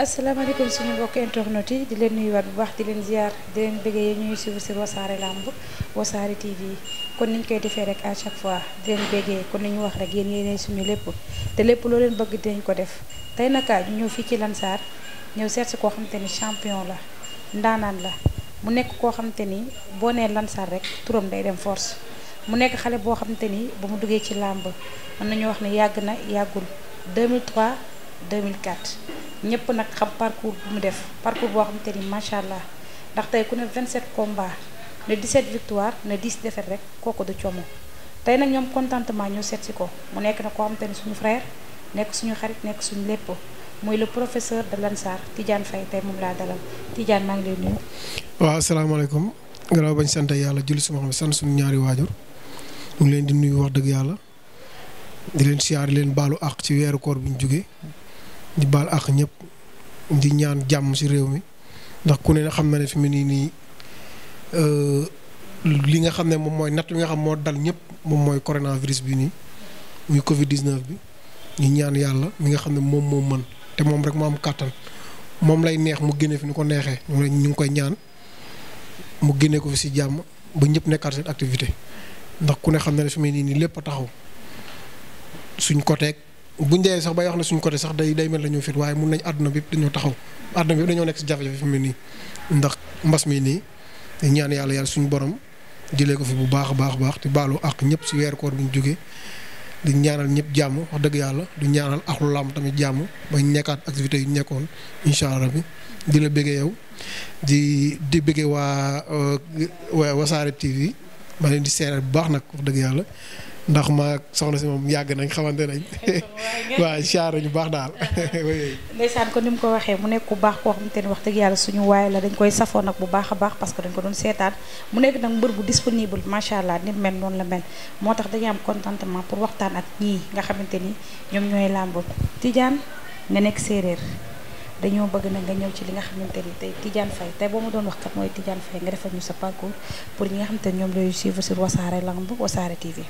asalaamaaleykum suñu mbokk internet yi di leen nuyuwaat bu baax di leen ziar di leen bëggee ñuy suivre sur wasaare lamb wasaare TV kon niñ koy defee rek à chaque fois di leen bëggee kon ni ñu wax rek yéen yéenay suñu lépp te lépp loo leen bëgg dinañ ko def tey naka ñu ñëw fii ci Lansar ñëw seet si koo xamante ni champion la ndaanaan la mu nekk koo xamante ni boo nee Lansar rek turam day dem force mu nekk xale boo xamante ni ba mu duggee ci làmb mën nañu wax ne yàgg na yàggul 2004 ñëpp nag xam parcours bu mu def parcours boo xam xamante ni macha allah ndax tey ku ne 27 combats ne 17 victoire ne 10 défaites rek kooku du coomo tey nag ñoom contentement ñoo seet si ko mu nekk na koo xamante ni suñu frère nekk suñu xarit nekk suñu lépp muy le professeur de l'ANSAR Tidiane Faye tey moom laa dalal Tidiane maa ngi lay nuyu. waaw asalaamaaleykum gannaaw bañ sant yàlla julli suma xam sant suñu ñaari waajur mu ngi leen di nuyu wax dëgg yàlla di leen siyaar leen baalu àq ci weeru koor bu ñu jugee di baal ak ñëpp di ñaan jàmm si réew mi ndax ku ne xam na ne fi mu nii nii euh, li nga xam ne moom mooy natt bi nga xam moo dal ñëpp moom mooy coronavirus bi nii muy Covid bi ñu ñaan yàlla mi nga xam ne moom moo mën te moom rek moo am kàttan moom lay neex mu génne fi ni ko neexee ñu ngi koy ñaan mu génne ko fi ci jàmm ba ñëpp nekkaat activité ndax ku ne xam na ne fi mu nii nii lépp a taxaw suñ côté. buñ dee sax bay wax ne suñ côté sax day day mel la ñu fit waaye mun nañ àdduna bi dañoo taxaw àdduna bi dañoo nekk si jafe-jafe fi mu nii ndax mbas mi nii ñaan yàlla yàlla suñu borom jëlee ko fi bu baax a baax baax te baalu ak ñëpp si weer koor bu ñu jógee di ñaanal ñëpp jàmm wax dëgg yàlla du ñaanal axlu làmb tamit jàmm bañ nekkaat activités yu nekkoon incha allah bi di la bëggee yow di di bëggee waa euh, wasaare TV ma leen di seeral bu baax nag wax dëgg yàlla. ndax ma soxna si moom yàgg nañ xamante nañ waaw siyaar ñu baax daal ndeysaan ko ni mu ko waxee mu nekk ku baax koo xam xamante ni wax dëgg yàlla suñu waay la dañ koy safoo nag bu baax a baax parce que dañ ko doon seetaan mu nekk nag mbër bu disponible macha allah ni mel noonu la mel moo tax dañu am contentement pour waxtaan ak ñii nga xamante ni ñoom ñooy làmb Tidiane nga nekk séeréer dañoo bëgg nag nga ñëw ci li nga xamante ni tey Tidiane Faye tey boo ma doon wax kat mooy Tidiane Faye nga defal ñu sa parcours pour ñi nga xamante ni ñoom lay suivre sur Wassare Lamb Wassare TV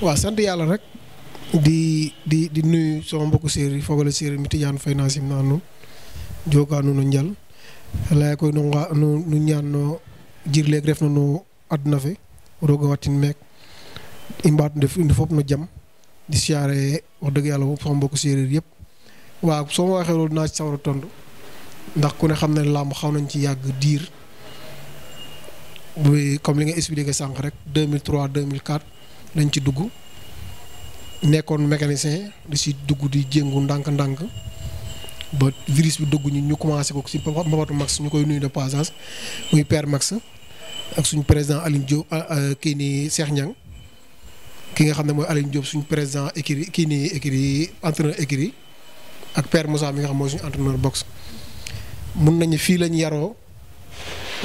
waaw sant yàlla rek di di di nuyu sama mbokku séeréer fogale séeréer mi tijaan fay naa sim naa nun jookaanu nu njal laya koy nu nga nu nu ñaan no jirleeg ref na nu àdduna fe roog a wattin meek i mbaat ndef indi fop no jam di siyaare wax dëgg yàlla fop sama mbokku séeréer yëpp waa soo ma waxee loolu naa ci sawar ndax ku ne xam ne làmb xaw nañ ci yàgg diir bu comme li nga expliqué sànq rek 2003 2004 lañ ci dugg nekkoon mécanicien di si dugg di jéngu ndànk-ndànk ba virus bi dugg ñu ñu commencé ko si Mbabatou Max ñu koy nuyu de passage muy père Max ak suñu président Aline Diop ah, ah, kii nii Cheikh Niang ki nga xam ne mooy Aline Diop suñu président écurie kii nii écurie entraîneur écurie ak père Moussa mi nga xam mooy suñu entraîneur boxe mun nañu fii lañu yaroo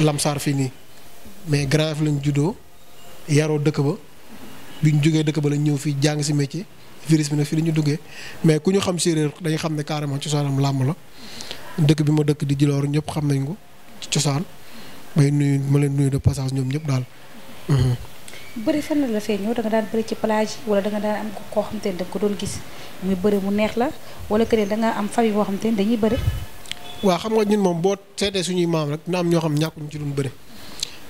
Lamsar fii nii mais grand fi lañ juddoo yaroo dëkk ba. bi ñu jógee dëkk ba lañ ñëw fii jàng si métier virus bi nag fii la ñu duggee mais ku ñu xam séeréer dañu xam ne carrément cosaanam làmb la dëkk bi ma dëkk di Djilor ñëpp xam nañ ko ci cosaan may nuyu ma leen nuyu de passage ñoom ñëpp daal. Mhm. bëri fan la fee ñëw da nga daan ci plage wala da nga am koo xam te ne ko doon gis muy bëri mu neex la wala que ne da am famille boo xam te ne dañuy bëri. waa xam nga ñun moom boo seetee suñuy maam rek na am ñoo xam ñàkkuñu ci doon bëri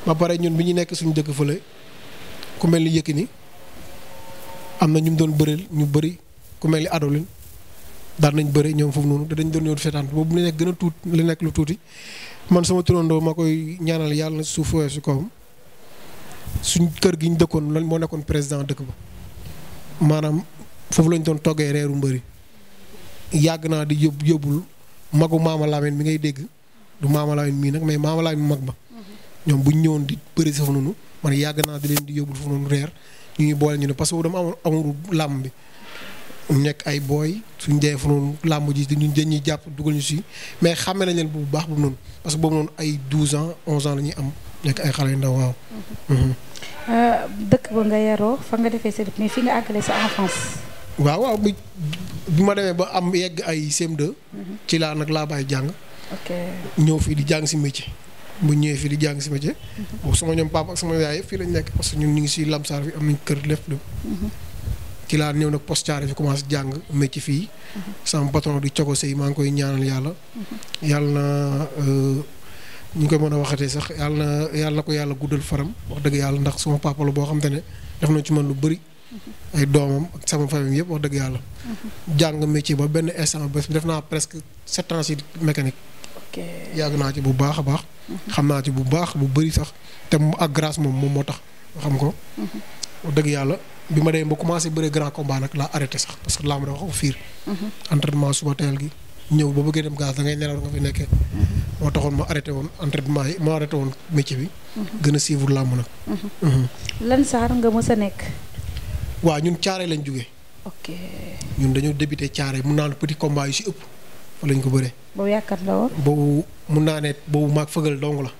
ba pare ñun bi ñu nekk suñu dëkk fële ku mel ni Yékini am na ñu mu doon bëreel ñu bëri ku mel ni adolin daan nañ bëri ñoom foofu noonu dañ doon ñëw di seetaan boobu li nekk a tuut li nekk lu tuuti man sama turandoo ma koy ñaanal yàlla na si kawam suñ kër gi dëkkoon lan moo nekkoon président dëkk ba maanaam foofu lañ doon toggee reeru mbëri yàgg naa di yóbbu yóbbul magu maama Lamine mi ngay dégg du maama Lamine mii nag mais maama Lamine mag ba mhm. ñoom bu ñëwoon di bëri sa foofu noonu man yàgg naa di leen di yóbbul foofu noonu reer ñu ngi boole ñu ne parce que dama amoon amul làmb bi mu nekk ay booy suñ dee fu noonu làmb ji dañuy dañuy jàpp dugal ñu si mais xàmme nañ leen bu baax bu noonu parce que boobu noonu ay 12 ans 11 ans la ñuy am nekk ay xale yu ndaw waaw. Mhm. Euh, dëkk ba nga yaroo fa nga defee sa mais fi nga àggale sa enfance. waaw waaw bi bi ma demee ba am yegg ay CM2. Mhm. ci laa nag laa bàyyi jàng. ñëw fii di jàng si métier. bu ñëwee fii di jàng si métier. Mhm. boobu sama ñoom papa ak sama yaay yëpp fii lañ nekk parce que ñun ñu ngi si lamsaar fi am nañ kër lépp lépp. Mhm. ci laa ñëw nag post carré fi jàng métier fii. Mhm. sama patron di cogo sey maa ngi koy ñaanal yàlla. yàlla na euh, ñu ngi koy mën a waxatee sax yàlla na yàlla ko yàlla guddal faram wax dëgg yàlla ndax suma papa boo xam te ne def na ci man lu bëri. ay doomam ak sama famille yëpp wax dëgg yàlla. jàng métier ba benn instant bés def naa presque sept ans si yàgg naa ci bu baax a baax. xam naa ci bu baax bu bëri sax te ak grâce moom moom moo tax xam ko. Mhm. dëgg yàlla bi ma dee ba commencé bëre grand combat nag laa arrêté sax parce que làmb dafa ko fiir. Mhm. entraînement suba teel gi ñëw ba bëggee dem gaz da ngay nelaw nga fi nekkee. Mhm. moo taxoon ma arrêté woon entraînement yi ma arrêté woon métier bi. gën a suivre làmb nag. lan nga mës a nekk. waaw ñun caare lañ jóge ok ñun dañoo débuté caare mun naa ne petit combat yu si ëpp fa lañ ko bëree. boobu yaakaar la woon. boobu mun naa ne boobu maag fëgal dong la.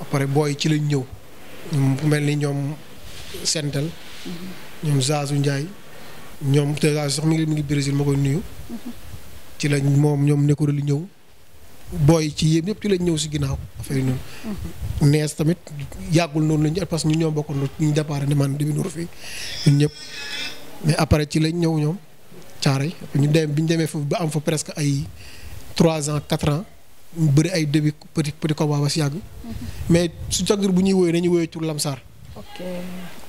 ok booy ci lañ ñëw. ñoom mel ni ñoom Sentel. Mhm. ñoom Zazu Ndiaye. ñoom te Zazu sax mi ngi mi ngi Brésil ma koy nuyu. Mhm. ci lañ moom ñoom nekkul li ñëw. booy ci yéen ñëpp ci lañ ñëw si ginnaaw affaire yi noonu. Mhm. nees tamit yàggul noonu lañ parce que ñun ñoo bokkoon ñu départ ne man dimi nuuru fii ñun ñëpp mais après ci lañ ñëw ñoom. Caaroy ñu dem bi ñu demee foofu ba am fa presque ay 3 ans 4 ans mu bëri ay début petit petit combat ba si yàgg. Mhm. mais su jaggur bu ñuy woowee dañuy woowee tur Lamsaar. ok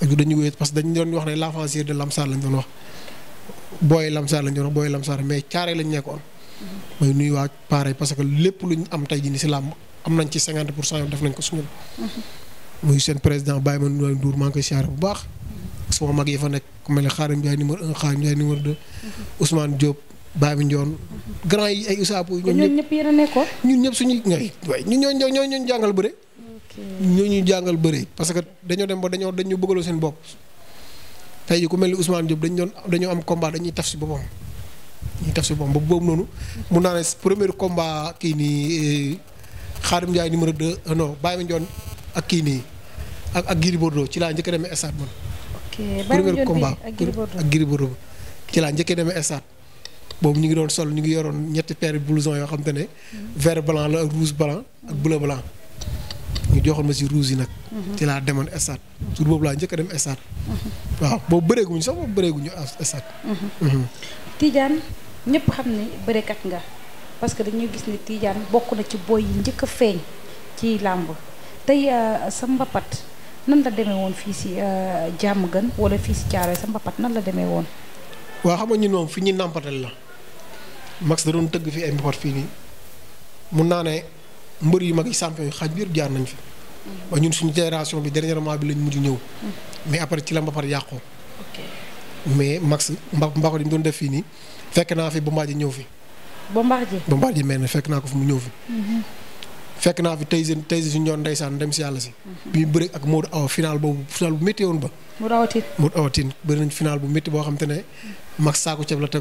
dañuy woowee parce que dañu doon wax ne l'avancée de Lamsaar lañ doon wax booy Lamsaar lañ doon wax booy Lamsaar mais Caaroy lañ nekkoon. mooy mhm. nuyu waa Paare parce que lépp lu ñu am tey jii nii si làmb am nañ ci 50 pour cent def nañ ko suñu. Mhm. muy seen président Baye ma nuyu Ndour maa ngi koy siyaare bu baax. sama mag yi fa nekk ku mel ne Xaarim Ndiaye numéro un Xaarim Ndiaye numéro deux mhm. Ousmane Diop Babi Ndion mhm. grand yi ay Usapo ñoom ñëpp yéen a nekkoon ñun ñëpp suñuy ñooy waay ñun ñoo ñoo ñu jàngal bëre ñoo ñu jàngal bëre parce que dañoo dem ba dañoo dañu bëggaloo seen bopp tey ku mel ni Ousmane Diop dañu doon dañoo am combat dañuy taf si boppam dañuy taf si boppam ba boobu noonu mun naa ne premier combat kii nii Xaarim eh, Ndiaye numéro deux euh, non Babi Ndion ak kii nii ak ak Giri Bordeaux ci laa njëkk a demee stade man ok premier combat ak Gris Bordeaux ci laa njëkkee demee stade boobu ñu ngi doon sol ñu ngi yoroon ñetti paire blouson yoo xam te ne. Hmm. vert la ak rouge blanc ak bleu blanc. ñu joxoon ma si rouge yi nag. Hmm. ci laa demoon stade. Hmm. jour boobu laa njëkk a dem stade. waaw boobu bëreeguñu sax boobu bëreeguñu stade. Tidiane ñëpp xam ne bëreekat nga parce que dañuy gis ni Tidiane bokk na ci boy yi njëkk a feeñ ci làmb tey euh, sa mbapat. nan la demee woon fii si euh, jàmm gën wala fii si Thiaroye sa mbapat nan la demee woon. waaw xam a ñun moom fi ñuy nàmpatal la max da doon tëgg fii ay mbapat fii nii mun naa ne mbër yi mag yi champion yi xaj bi yëpp jaar nañ fi. Mm-hmm. ba ñun suñu génération bi dernièrement bi lañ mujj ñëw. Mm-hmm. mais après ci la mbapat yàqoo. mais max mba mbapat yi mu doon def fii nii fekk naa fi yi ñëw fi. Bombardier yi mel na fekk naa ko fi mu ñëw fi. Mm-hmm. fekk naa fi Tyson Tyson ñoon ndeysaan dem si yàlla si. bi mu bëri ak Modou Awa final boobu final bu métti woon ba. Modou Awa Tine Modou Awa Tine bëri nañ bu métti boo xam te ne. mag saako ceeb la la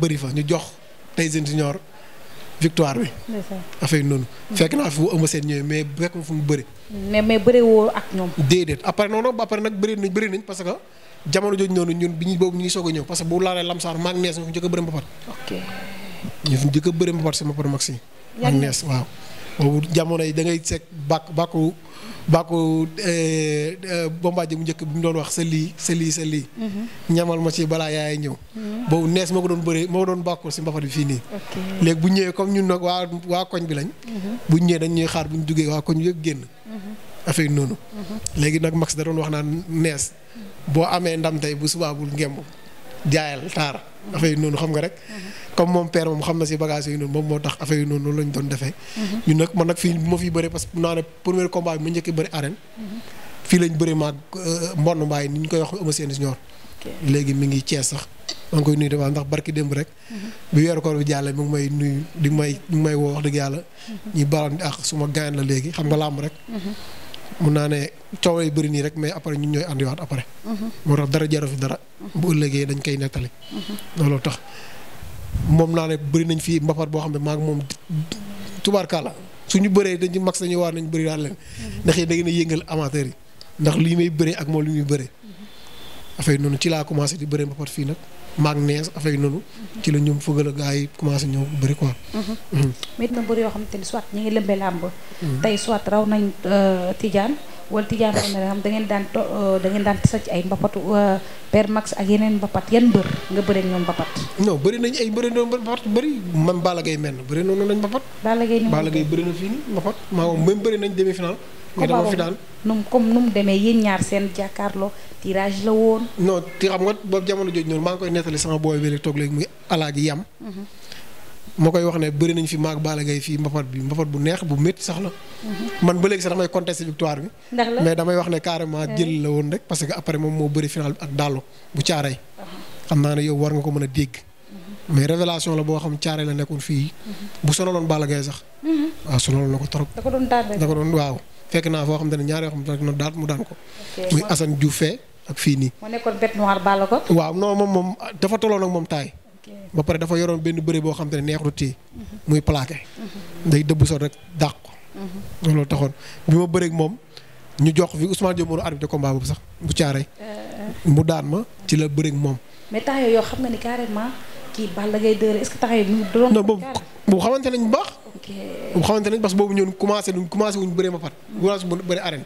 bëri fa mais fekk fu mu bëri. mais bëri woo ak ñoom. déedéet après noonu ba après nag bëri nañ bëri que jamono jooju noonu ñun bi ñu boobu ñu ngi soog a ñëw parce nees ñu njëkk a bëri ñu fi njëkk a bëri mbapat si mbapat mag si. ak nees waaw. boobu jamono yi da ngay seq bàkk bàkku bàkku eh, eh, bombaaje mu njëkk bi mu doon wax sa lii sa lii ñamal ma ci balaa yaay ñëw. Mhm. boobu nees moo ko doon bëree moo ko doon bàkku si mbapat bi fii nii. léegi bu ñëwee comme ñun nag waa waa koñ bi lañ. Mhm. bu ñëwee dañ ñuy xaar bu ñu duggee waa koñ bi yëpp génn. Mhm. affaire noonu. léegi nag Max da doon wax naan nees boo amee ndam tey bu subaa bul ngemb. jaayal taar affaire noonu xam nga rek comme moom père moom xam na si bagage yu noonu moom moo tax affaire yu noonu lañ doon defee mhm. ñun nag man nag fii bu ma fi bëree parce que naa ne premier combat bi mu njëkk bëri arène mhm. fii bëri maag euh, mbonn mbaay ni ñu koy wax ama seen senior léegi mi ngi Cees sax maa ngi koy nuyu damaa ndax barki démb rek mhm. bi weeru koor bi jàllee mi ngi may nuyu di may mi may woo wax dëgg yàlla ñuy balandi ak suma gaañ la léegi xam nga làmb rek mun naa ne coow yi bëri nii rek mais après ñu ñooy andiwaat après. Mhm. moo tax dara jaru fi dara. Mhm. bu ëllëgee dañ koy nettali. Mhm. looloo tax moom naa ne bëri nañ fii mbapat boo xam ne maak moom tubaar tubaarkàlla suñu bëree dañ ci max dañuy waar nañ bëri daal leen. ndax yi da ngeen a yëngal amateur yi ndax li may bëree ak moom li muy bëree. affaire noonu ci laa commencé di bëree mbapat fii nag. magnése affaire yi noonu. ci la ñoom fëgal a gars yi commencé ñëw bëri mhm. Mhm. ni soit ñu ngi lëmbee làmb. Mhm. tey soit raw nañ euh, Tidiane wala Tidiane raw na xam da ngeen euh, da ngeen daan tasa ci ay mbapatu euh, Père Max ak yeneen mbapat yan mbër nga bëree ñoom mbapat. non bëri nañ ay na mbapat bëri man Balla Gaye mel na bëri noonu lañ mbapat. Balla Gaye ni Balla Gaye bëri na fii nii mbapat nañ demi final. mais dama fi daan. nu comme nu mu demee yéen ñaar seen jàkkaarloo tirage la woon. non ti xam nga boobu jamono jooju noonu maa ngi koy nettali sama booy bi rek toog léegi muy alaaji yam. Mhm. ma koy wax ne bëri nañ fi maag Balla Gaye fii mbapat bi mbapat bu neex bu métti sax na mhm. man ba léegi sax damay contester victoire bi. mais damay wax ne carrément eh. jël la woon rek parce que après moom moo bëri final bi ak Dallo bu caaray. Uh-huh. xam naa ne yow war nga ko mën a dégg. Mhm. mais révélation la boo xam caaray la nekkoon fii. bu sonaloon Balla Gaye sax. waaw ah, sonaloon na ko trop. da ko doon tardé da ko doon waaw. fekk naa foo xam te ne ñaar yoo xam te ne daal mu daan ko. muy Assane Diouf fee ak fii nii. mu nekkoon bête noire bàll ko. waaw non moom moom dafa tolloon ak moom taay. ba pare dafa yoroon benn bëre boo xam te ne neexut yi mhm. muy plaqué. Mhm. day dëbb sol rek dàq ko. Mhm. loolu taxoon bi ma bëreeg moom ñu jox fi Ousmane Diop moo arbitre combat boobu bu caaree. Euh, euh. mu daan ma ci la bëreeg moom. mais taay yoo xam nga ni carrément kii Balla Gaye 2 est-ce que taay yi. xamante nañ baax. moom xamante nañ parce boobu ñun commencé duñ commencé wuñ bëree ma pat commencé bu bëri arène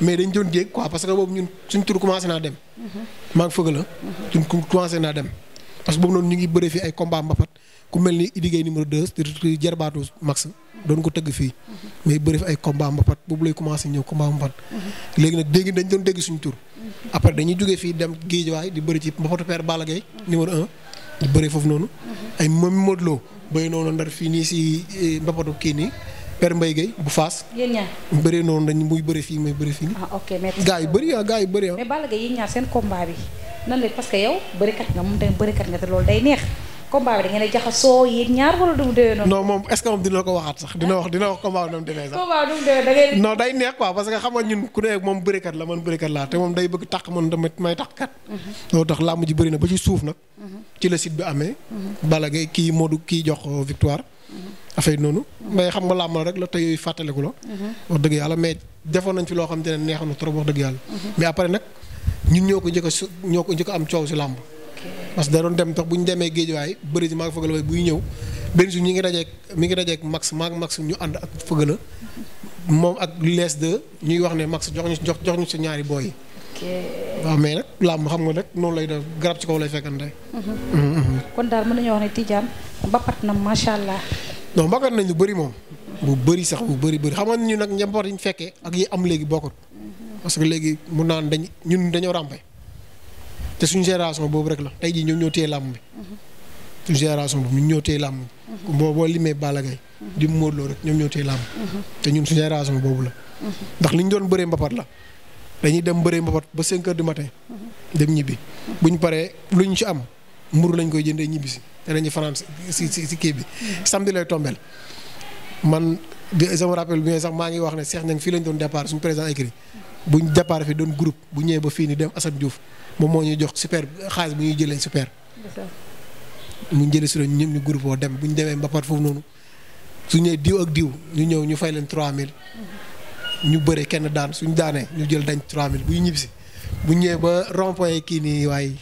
mais dañ doon jéeg quoi parce que boobu ñun suñ naa dem mhm. maa ngi fëgg la mhm. suñ commencé naa dem parce que boobu noonu ñu ngi bëree fii ay combat mbapat ku mel ni Idi Gueye numéro 2 di jarbaatu max doon ko tëgg fii mhm. mais bëri ay combat boobu lay commencé ñëw combat mbapat léegi nag dégg dañ doon dégg suñ tur après dañuy jógee fii dem Guédiawaye di bëri ci mbapatu père Balla Gaye numéro 1 di bëri foofu noonu ay moom Modou Lo bëri noonu ndar fii nii si eh, mbapatu kii nii per Mbaye Gueye bu Faas. yéen bëri noonu dañ muy bëri fii muy bëri fii nii. ah gaa yu bëri ah gaa yu bëri ah. mais Balla Gaye yéen ñaar seen combat bi nan la parce que yow bërikat nga moom tamit bërikat nga te loolu day neex. combat bi da ngeen a jaxasoo yéen ñaar wala du mu demee noonu. non moom est-ce que moom dina ko waxaat sax dina wax dina wax combat bi nu da ngeen. non day neex quoi parce que xam nga ñun ku la man bërikat laa te moom day bëgg tàq man damay may tàq kat. Mhm. loolu tax làmb ji bëri na ba ci suuf nag. Mhm. ci la site bi amee. Mhm. bala ngay kii Modou kii jox euh, victoire. affaire noonu. mais xam nga làmb la rek la te yooyu fàttaliku la. wax dëgg yàlla mais defoon nañ fi loo xam te na trop wax dëgg yàlla. mais après nag ñun ñoo ko njëkk a su ñoo ko njëkk a am coow si làmb parce que da dem tax bu ñu demee géej waaye bëri ji maa ngi fëgala buy ñëw benn su ñi ngi dajeek mi ngi dajeek max maa ngi max ñu ànd ak fëgala moom ak lees de ñuy wax ne max jox ñu jox jox ñu sa ñaari booy yi waaw mais nag làmb xam nga nag noonu lay def garab ci kaw lay fekkante mhm. Mhm, mhm. kon daal mën nañu wax ne Tidiane mbapat na macha allah. non mbapat nañ lu bëri moom bu bëri sax bu bëri bëri xam nga ñu nag ñambat yi ñu fekkee ak yi am léegi bokkut parce que léegi mun naan dañ ñun dañoo ràmpe te suñu génération boobu rek la tey jii ñoom ñoo téye làmb bi. suñu génération boobu ñun ñoo téye làmb bi. boo boo limee di Modou Lo ñoom ñoo téye làmb. te ñun suñu génération boobu la. ndax li ñu doon bëree mbapat la dañuy dem bëree mbapat ba 5 heures du matin. dem ñibbi bu ñu paree lu ñu ci am mburu lañ koy jëndee ñibbi si te dañuy fanaan si si si kii bi samedi lay tombeel man je me rappelle bien sax maa ngi wax ne Cheikh Niang fii lañ doon départ suñu président écrit buñ départ fi doon groupe bu ñëwee ba fii ni dem Assane Diouf. moom moo ñuy jox super xaalis bu ñuy jëlee super. mu jëlee si ñoom ñu groupe woo dem bu ñu demee mbapat foofu noonu su ñëwee diw ak diw ñu ñëw ñu fay leen 3000. ñu bëre kenn daan suñu daanee ñu jël dañ 3000 buy ñibbi si bu ñëwee ba rond-point kii nii waaye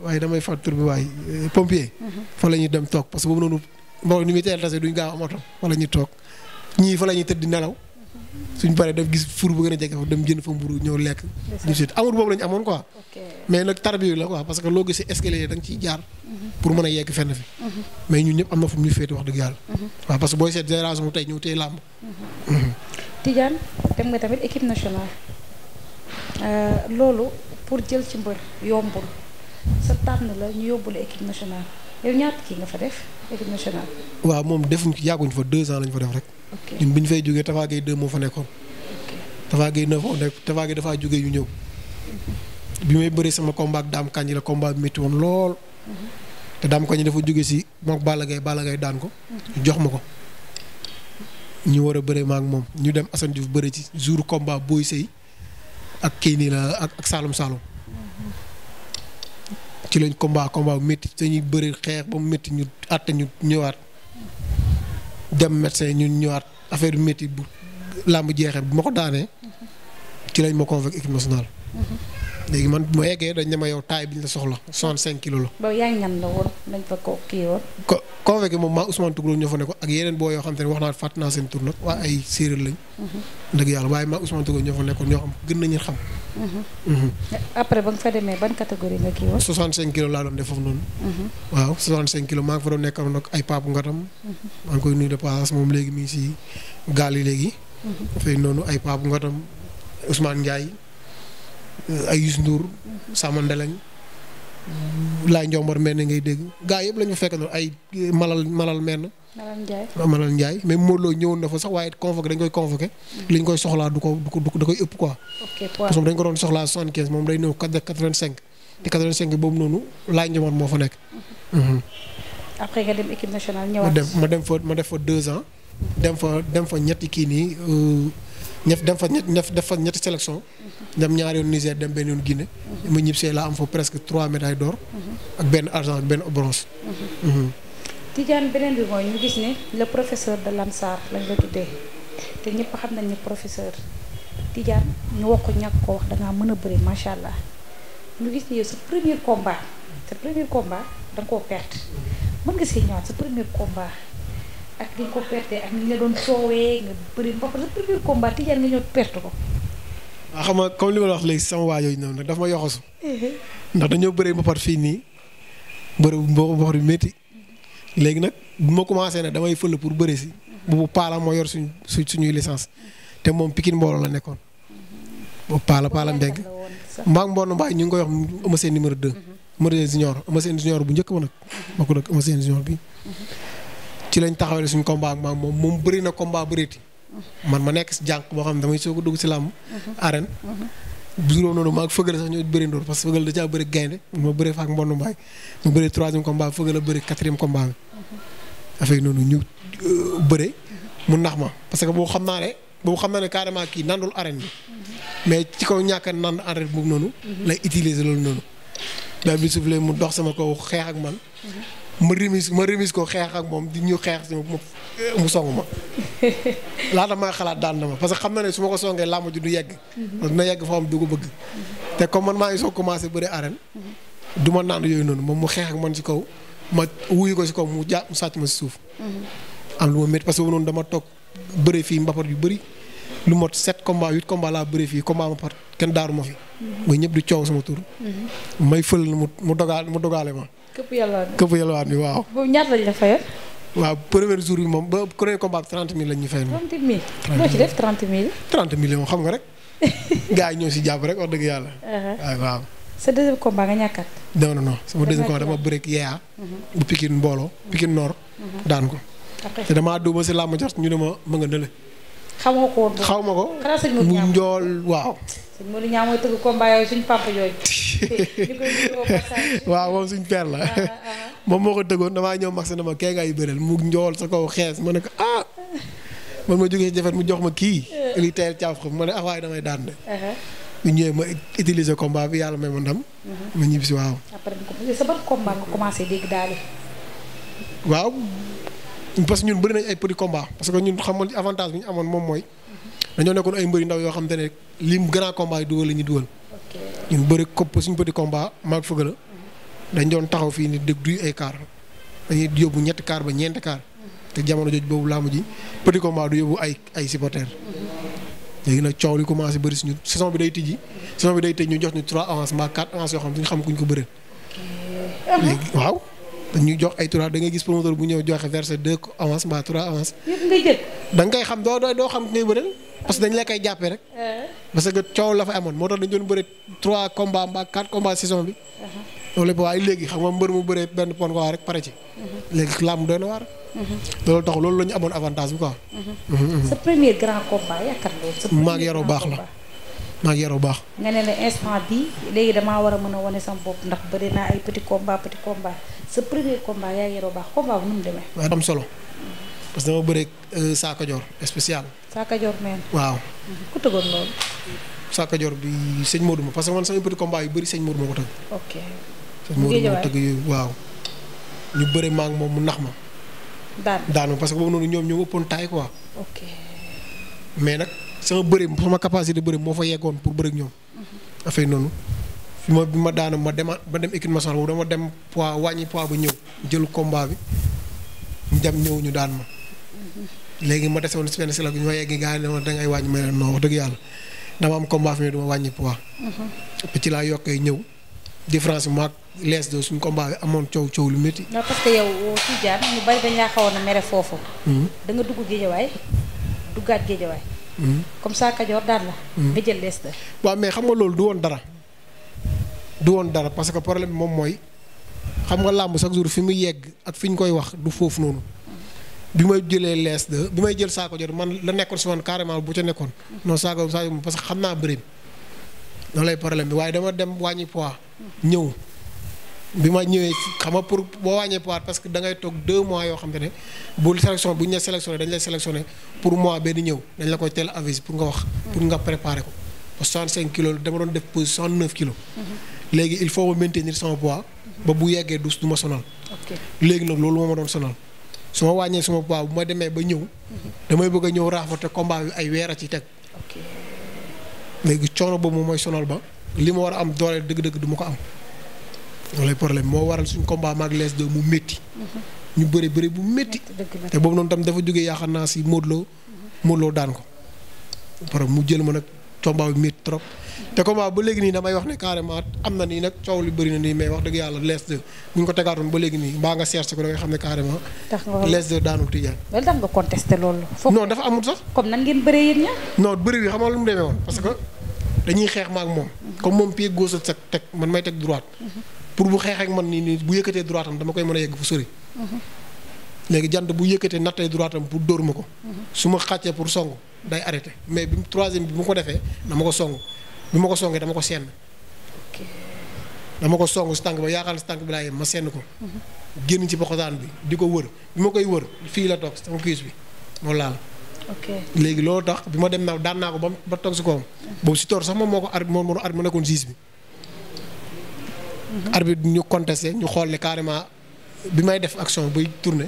waaye damay fàttali tur bi waaye pompier. fa la ñuy dem toog parce que boobu noonu mboq ni muy teel tase duñ gaaw am oto fa la ñuy toog ñii fa la ñuy tëdd nelaw. suñ paree daf gis fur bu gën a jege fa dem jënd fa mburu ñëw lekk. ñu si amul boobu lañ amoon quoi. mais nag tarbiyu la quoi parce que loo gisee escalier da nga ciy jaar. Mhm. pour mën a yegg fenn fi. Mhm. mais ñun ñëpp am na fu mu ñu wax dëgg yàlla. Mhm. waaw parce que booy seet génération mu tey ñëw tey làmb. Tidiane dem nga tamit équipe nationale euh, loolu pour jël ci mbër yombul sa tànn la ñu yóbbu équipe nationale. waaw moom defuñ yàgguñ fa deux ans lañ fa def rek. ñun bi ñu fay jógee Tafa Gueye 2 moo fa nekkoon. Tafa Gueye 9 moo nekk Tafa Gueye dafaa jógee yu ñëw. bi may bëri sama combat ak Dame Kañ la combat bi métti woon lool. Mhm. te Dame Kañ dafa jóge si mook Balla Gaye Balla Gaye daan ko. Mhm. jox ma ko. ñu war a bëree ma ak moom ñu dem Assane Diouf bëri ci jour komba Boy Sey ak kii nii la ak ak Saloum ci lañ combat combat bu métti dañuy bëri xeex ba mu métti ñu àtte ñu ñëwaat dem médecin ñu ñëwaat affaire bu métti bu làmb jeexee bu ma ko daanee ci lañ ma convoqué équipe léegi man bu eggee dañ ne ma yow taay bi ñu la soxla soixante-cinq kilos la. convoqué moom maa Ousmane Tougoulou ñoo fa ne ko ak yeneen boo yoo xam te ne wax naa fàtt naa seen tournoi waaye ay séeréer lañ. Mhm. dëgg yàlla waaye maa Ousmane Tougoulou ñoo fa nekkoon ñoo xam gën nañu xam. Mhm. Mhm. après ba nga fa demee ban catégorie nga kii woon. 65 kilos laa noonu. waaw 65 kilos maa ngi fa nekkoon nag ay Pape Ngatam. maa ngi koy nuyu de passage moom léegi mi si gaal yi léegi. fay noonu ay Pape Ngatam Ousmane Ndiaye ay Youssou Ndour Sama Ndeleng. laay njombar mel ni ngay dégg gaa yëpp la ñu fekk noonu ay malal mel na. malal Ndiaye ah, malal Ndiaye mais Modou Lo ñëwoon na fa sax waaye convoqué dañ koy convoqué. Mm-hmm. li koy soxlaa du ko du ko da koy ëpp quoi. parce que dañ ko doon soxlaa soixante quinze moom day ñëw quatre vingt cinq. te quatre vingt cinq boobu noonu laay njombar moo fa nekk. Mm-hmm. Mm-hmm. après nga dem équipe nationale ñëwaat. ma dem ma dem fa ma def ñef dem fa ñett def fa ñetti sélection dem ñaari yoon Niger dem benn yoon Guinée. mu ñib see laa am fa presque trois médailles d'or ak benn argent ak benn bronze. Mhm. Tidiane beneen bi mooy ñu gis ne le professeur de Lansar lañ la tuddee te ñëpp xam nañ ne professeur Tidiane ñu wax ko ñàkk ko wax da ngaa mën a bëri macha allah ñu gis ne sa premier combat sa premier combat da koo perte mën nga see ñëwaat sa premier combat. ak xam nga comme li ma wax léegi sama waa yooyu noonu nag daf ma yoxosu mhm. ndax dañoo bëree ba fii nii bëri mboq mboq bi métti léegi nag bu ma commencé nag damay fël pour bëri si. boobu Paala moo yor suñ suñ suñuy lissance te moom Pikine mbooloo la nekkoon. boobu Paala Paala Mbeng Mbac Mbono Mbaye ñu ngi koy wax Eumeu Sène numéro 2. Mhm. Eumeu Sène junior Eumeu Sène bu njëkk ma nag. ma ko dëkk Eumeu Sène junior bi. Mhm. ci lañ taxawale suñ combat maam moom moom bëri na combat bëreeti man ma nekk si jànq boo xam ne damay soog a dugg si làmb arène juróom noonu maa ngi fëgale sax ñoo bëri ndoor parce que fëgal da caa bëri gaynde ma bëri faak mbondu mbaay ñu bëri troisième combat fëgal a bëri quatrième combat bi affaire noonu ñu euh, bëre mu nax ma parce que boo xam naa ne boobu xam naa ne carrément kii nandul arène mais ci kaw ñàkk a nand arène boobu noonu lay utiliser loolu noonu daal bi mu dox sama kaw xeex ak man ma remise ma remise ko xeex ak moom di ñu xeex si mu song ma laata may xalaat daan na ma parce que xam na ne su ma ko songee làmb ji du yegg. Mhm. dina yegg foo xam du ko bëgg. Mhm. te comme man maa ngi soo commencé bëri arène. Mhm. du ma naan yooyu noonu moom mu xeex man si kaw ma wuyu ko si kaw mu ja mu sàcc ma si suuf. am lu ma métti parce que noonu dama toog bëri fii mbapat yu bëri. lu mot sept combats huit combats laa bëree fii combat ma par kenn daaru ma fi. ñëpp di coow sama tur. may fël mu mu dogaal mu dogaale ma. këpp yalwaan bi këpp yalwaan bi waaw. boobu ñaata lañ la fayal. waaw premier jour bi moom ba premier combat bi 30 000 lañ ñu fayal. 30 000 loo ci def 30 000. 30 000 moom xam nga rek gars yi ñoo si jàpp rek wax dëgg yàlla. waaw uh-huh. waaw. sa deuxième combat nga ñàkkat. non non non sama deuxième combat dama bëreeg yeeya. Uh-huh. bu Pikine mbooloo Pikine Nord. Uh-huh. daan ko. te damaa duma si làmb ñu ne ma nga nële. xamoo ko xaw ma ko. mu njool waaw. sëñ Modou moom suñ père la. Ah, ah, ah. moom moo ko tëggoon damaa ñëw max na ma kee ngay bëreel mu njool sa kaw xees ma ne ko ah. man ma jógee si defet mu jox ma kii. li teel caaf xam ma ne ah waaye damay daan de. ñu ñëwee ma utiliser combat bi yàlla may ma ndam. Mm-hmm. ma ñibbisi waaw. waaw. parce que ñun bëri nañ ay petit combat parce que ñun xamoon avantage bi ñu amoon moom mooy dañoo nekkoon ay mbëri ndaw yoo xam te ne lim grand combat yi dugal la ñuy dugal ñun bëri kopp suñu petit combat maag fëgg la dañ doon taxaw fii ni dég duy ay kaar dañuy yóbbu ñetti kaar ba ñeenti kaar te jamono jooju boobu laamu ji petit combat du yóbbu ay ay supporters léegi nag coow li commencé bëri si ñun saison bi day tijji saison bi day tëj ñu jox ñu trois avance mbaa quatre avance yoo xam te ñu xam kuñ ko bëreel léegi waaw dañuy jox ay trois da ngay gis promoteur bu ñëw joxe verser deux avance mbaa trois avance. yëpp da nga koy xam doo doo doo xam ngay bëreel. parce que dañ la koy jàppee rek. Euh. parce que coow la fa amoon moo tax dañu doon bëre trois combats mbaa quatre combats saison bi. Uh-huh. loolu yëpp waaye léegi xam nga mbër mu bëree benn pon ko rek pare ci. Uh-huh. léegi làmb doy na waar. Uh-huh. loolu tax loolu la ñu amoon avantage bi quoi. Mm-hmm. sa premier grand combat yaroo baax la. maa ngi bu baax. nga ne la instant bi léegi damaa war a mën a wane sama bopp ndax bëri naa ay petit combat petit combat sa premier combat yaa ngi baax combat bu nu am solo parce que dama bëreeg euh, spécial. Sakka waaw. ku bi sëñ Modou ma parce que man samay yu bëri sëñ Modou ma ko tëgg. ok ma tëgg yooyu waaw. ñu bëri maa moom nax ma. daan daan parce que boobu noonu ñoom ñoo ëppoon taay quoi. ok mais nag. sama bëri sama capacité bëri moo fa yeggoon pour bëri ak ñoom. affaire noonu fi ma bi ma daana ma dema ma dem équipe nationale boobu dama dem poids wàññi poids ba ñëw jël combat bi ñu dem ñëw ñu daan ma. léegi ma desewoon si benn si la ñu ma yeggee gars yi ne ma dangay wàññi ma ne non wax dëgg yàlla dama am combat fi mu ne du ma wàññi poids. ci laa yokkee ñëw. différence bi maag lees de suñu combat bi amoon coow coow lu métti. non parce que yow Tidiane ñu bari dañ laa xawoon a mere foofu. Hmm? da nga dugg géejawaay duggaat géejawaay. comme ça Kajoor daan la. Mm-hmm. nga jël lees la. waaw mais xam nga loolu du woon dara du woon dara parce que problème bi moom mooy xam nga làmb sax jour fi muy yegg ak fi ñu koy wax du foofu noonu. bi may jëlee lees de bi may jël saako jot man la nekkoon si man carrément bu ca nekkoon. non saako saako parce que xam naa bëri na. lay problème bi waaye dama dem wàññi poids ñëw. bi ma ñëwee xam nga pour boo wàññee poids parce que da ngay toog 2 mois yoo xam te ne bu sélection bu ñu la sélectionné dañ lay sélectionné pour mois benn ñëw dañ la koy teel avis pour nga wax. pour nga préparer ko ba 65 kilos dama doon def pose 69 kilos. Mhm. léegi il faut ma maintenir sama poids. ba bu yeggee du du ma sonal. léegi nag loolu moo ma doon sonal su ma wàññee sama poids bu ma demee ba ñëw. Mhm. damay bëgg a ñëw raafu te combat ay weer a ci teg. léegi coono boobu moom mooy sonal ba li ma war a am doole dëgg-dëgg du ma ko am. loolay problème moo waral suñ combat maag lees do mu métti. ñu bëri bëri bu métti. te boobu noonu tam dafa jógee yaakaar naa si Modou Lo. Modou daan ko. par mu jël ma nag combat bi métti trop. te combat ba léegi nii damay wax ne carrément am na nii nag coow lu bëri na nii mais wax dëgg yàlla lees de ko tegaatoon ba léegi nii mbaa nga cherché ko da xam ne carrément. tax nga lees de daanul Tidiane. loolu tax nga contesté loolu. non dafa amul sax. comme nan ngeen bëree yéen ña. non bëri bi mu demee woon parce dañuy xeex ma ak moom. comme moom pied gauche la teg man may teg droite. pour bu xeexee ak man nii nii bu yëkkatee droite am dama koy mën a yegg fu sori. léegi jant bu yëkkatee nattee droite am bu dóor ma ko. su ma xàccee pour song day arrêté mais bi troisième bi mu ko defee dama ko song bi ma ko songee dama ko seen dama ko song si tànk ba yaakaar tànk bi laa yem ma senn ko. génn ci poxotaan bi di ko wër bi ma koy wër fii la toog sama kiis bi moo laal. léegi loolu tax bi ma dem naa daan naa ko ba ba toog si kawam. boobu si toor sax moom moo ko ar moom moo ar ma nekkoon siis bi. Mhm. ñu contesté ñu xool ne carrément bi may def action buy tourné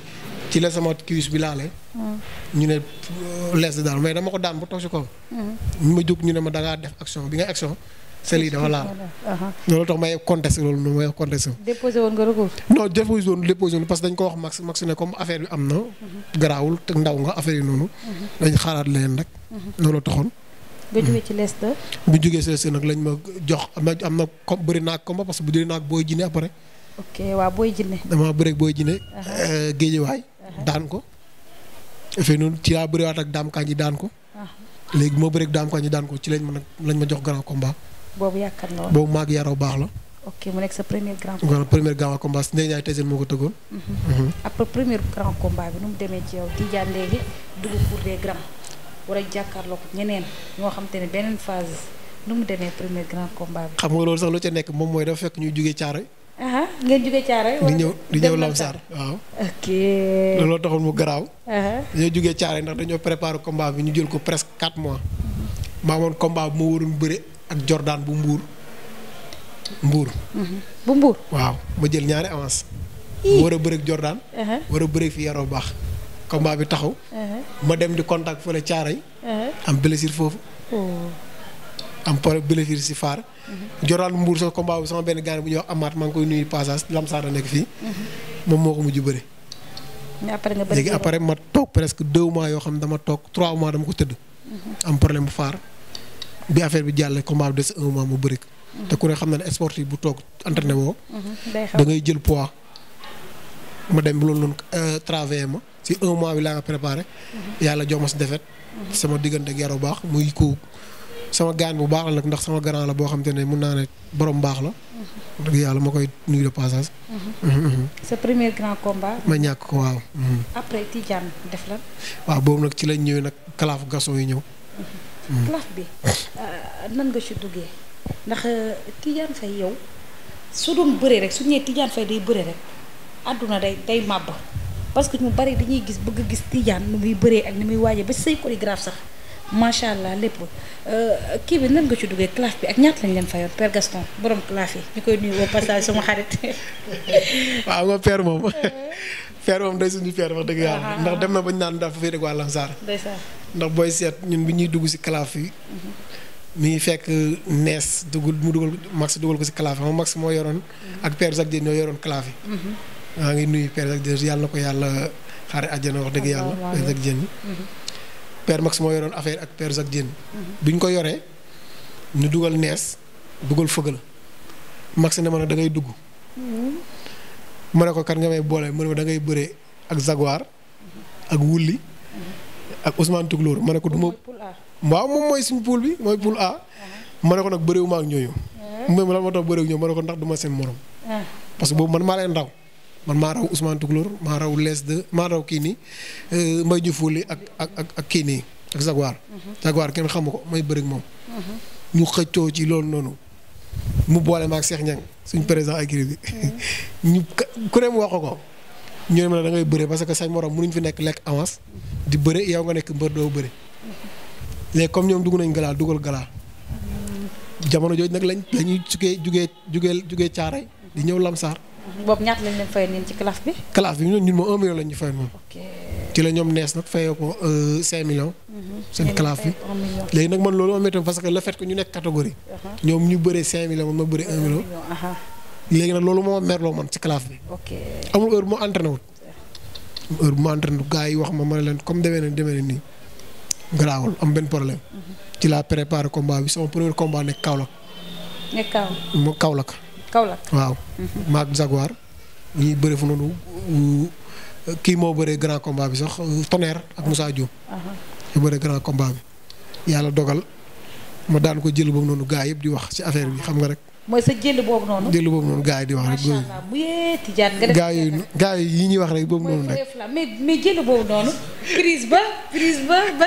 ci la sama cuisse bi laalee. Mhm. ñu ne euh, lees daal mais dama ko daan ba toog si kawam. Mhm. ñu ma jóg ñu ne ma da def action bi nga action. sel yi dafa laal. Uh-huh. tax may contesté loolu nu may contesté. déposé woon nga recours. non déposé woon déposé woon parce que dañ ko wax max max ne comme affaire bi am na. Uh-huh. garaawul te ndaw nga affaire yi noonu. Uh-huh. dañ xaaraat leen rek. loolu taxoon. nga bu jógee ci leste nag ma jox am na comme bëri naag combat parce que bu jëlee naag booy jinne après. ok waaw booy jinne. damaa bëri booy jinne. géejewaay. daan ko. noonu ci laa bëriwaat ak daan ko. léegi moo bëri ak daan ko ci lañ ma nag lañ ma jox grand combat. boobu yaakaar na woon boobu maag yaraw baax la. ok mu nekk sa premier grand combat. premier grand combat Ndeye Ndiaye Tyson moo ko tëggoon. Mhm. Mhm. après premier grand combat bi nu mu demee ci yow Tidiane léegi war a jàkkaarloo ko ñeneen ñoo xam te ne beneen phase nu mu demee premier grand combat bi. xam nga loolu sax lu ca nekk moom mooy dafa fekk ñuy jugee caare. ngeen jugee caare. di ñëw di ñëw Lamsar waaw. looloo taxoon mu garaaw. dañoo jugee caare ndax dañoo préparé combat bi ñu jël ko presque 4 mois. Mhm. maa woon combat bu ma waroon bëre. ak Jordan bu Mbour. Mbour. Mhm. bu Mbour. waaw ma jël ñaari avance. war a bëreeg Jordan. Uh-huh. war a bëreeg fi yaroo baax. combat bi taxaw. Uh-huh. ma dem di contact fële caaray. Uh-huh. am blessure foofu. Oh. am par blessure si faar. Jordan Mbour sa combat bi sama benn gaane bu ñuy amaat maa ngi koy nuyu passage Lamsaara nekk fii. moom moo ko mujj bëri. après nga bëri léegi après ma toog presque deux mois yoo xam ne dama toog trois mois dama ko tëdd. am problème faar. bi affaire bi jàllee combat bi des un mois mu bëri. te ku ne xam na ne sportif bu toog entraîné woo. Mhm, da ngay jël poids. ma dem loolu noonu euh, travaillé ma si un mois bi laa nga préparé. Mhm. yàlla jox ma si defet mhm. sama diggante ak yaru baax muy ko sama gaan bu baax la ndax sama grand la boo xam te ne mun naa ne borom baax la. yàlla ma koy nuyu de passage. ma ñàkk ko waaw. boobu nag ci lañ ñëwee nag kalaaf gason yi ñëw. classe bi euh, nan nga ci duggee ndax euh, Tidiane Faye yow su doon bëree rek su ñëwee Tidiane day bëree rek àdduna day day màbb parce que ñu bari dañuy gis bëgg gis Tidiane nu muy bëree ak ni muy waajee ba say chorégraphe sax macha allah lépp euh, kii bi nan nga ci duggee classe bi ak ñaata lañ leen fayoon père Gaston borom classe yi ñu koy nuyu au passage sama xarit. waaw nga père moom père moom day suñu père wax dëgg yàlla. Ah. ndax dem na ba ñu naan daal fafay dëgg waa Lamsaar. ndax booy seet ñun bi ñuy dugg si classe yi. mu ngi fekk nees dugul mu dugal max dugal ko si clave moom max moo yoroon ak père Jacques ñoo yoroon clave yi mhm. maa ngi nuyu per Jacques Dieng yàlla na ko yàlla xaare àjjana wax dëgg yàlla ah, père Jacques Dieng mhm. père Max moo yoroon affaire ak père Zak Dieng. bi ñu ko yore ñu dugal nees dugal fëgg la Max ma ne da ngay dugg. ma ne ko kan nga may boole ma da ngay bëree ak Jaguar ak Wulli ak Ousmane Touglor ma ne ko du ma. waaw moom mooy suñu pool bi mooy pool A. Uh-huh. ma ne ko nag bëriwuma ak ñooñu. Uh-huh. mu ne ma lan moo tax bëriwul ñoom ma ne ko ndax du ma seen morom. Uh-huh. parce que boobu man maa leen raw. man maa raw Ousmane Toucouleur maa raw lees de maa raw kii nii euh, Mbaye Diouf Fouly ak ak ak kii nii ak Jaguar. Jaguar mhm. kenn xamu ko may bëri moom. Mhm. ñu xëccoo ci loolu noonu. mu boole ma ak Cheikh Niang suñ président écurie bi. Mhm. ñu ku ne mu wax ko ñu ne ma parce que sañ morom mënuñ fi nekk lekk avance. di bëri yow nga nekk mbër doo bëre. léegi comme ñoom dugg nañ galaa dugal galaa. jamono jooju nag lañ dañuy jugee jugee jugee jugee di ñëw lamsaar. boobu ñaata lañ leen fayoon ñun ci classe bi. classe bi ñun ñun moom 1 million lañ ñu fay moom. ci la ñoom nees nag fayoo ko 5 euh, millions. Mhm. seen classe bi léegi nag man loolu moo métti parce que le fait que ñu nekk catégorie. Uh-huh. ñoom ñu bëree 5 millions man ma bëree 1 million. Uh-huh. léegi nag loolu moo merloo man ci classe bi. amul heure bu ma entraîné wut. heure bu ma yi wax ma ma ne leen comme demee na demee na nii. garaawul am benn problème. Mhm. ci la préparé combat bi sama premier combat nekk Kaolack. nekk Kaolack. mu Kaolack. Kaolack waaw. maag Jaguar ñuy bëre fu noonu euh, kii moo bëree grand combat bi sax euh, tonnerre ak Moussa Dioum. Uh-huh. ñu bëree grand combat bi yàlla dogal ma daan ko jël boobu noonu gaa yëpp di wax ci affaire bi xam nga rek. mooy sa jël boobu noonu. jël boobu noonu gaa yi di wax rek. macha allah bu yee tijaan gaa yi gaa yi ñuy wax rek boobu noonu rek. mais mais jël boobu noonu. prise ba prise ba ba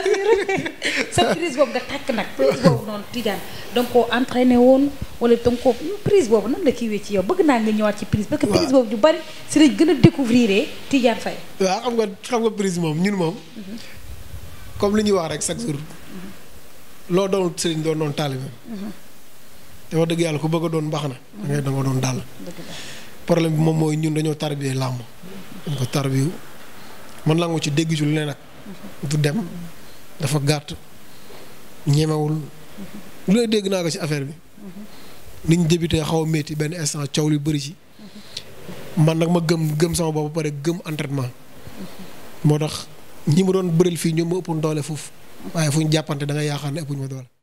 sa prise boobu nga tàkk nag prise boobu noonu tijaan da nga koo woon wala da ko koo prise boobu nan la wee ci yow bëgg naa nga ñëwaat ci prise. parce que prise boobu ñu bari si lañ gën a découvrir tijaan fay. waaw xam nga xam nga prise moom ñun moom. Mhm. comme li ñuy wax rek chaque jour. loo doon sëriñ doon noonu te dégg yàlla ku bëgg a doon mbaax na da ngay da doon dàll problème bi moom mooy ñun dañoo tarbiyee làmb dañ ko tarbiyu man langu ci dégg ci lu ne nag du dem dafa gàtt ñemewul lu ne dégg naa ko ci affaire bi ni ñu débuté xaw a benn instant coow lu bari ci man nag ma gëm gëm sama bopp ba pare gëm entraînement moo tax ñi ma doon bëril fii ñoom ma ëppoon doole foofu waaye fu ñu jàppante da nga ne ëppuñ ma doole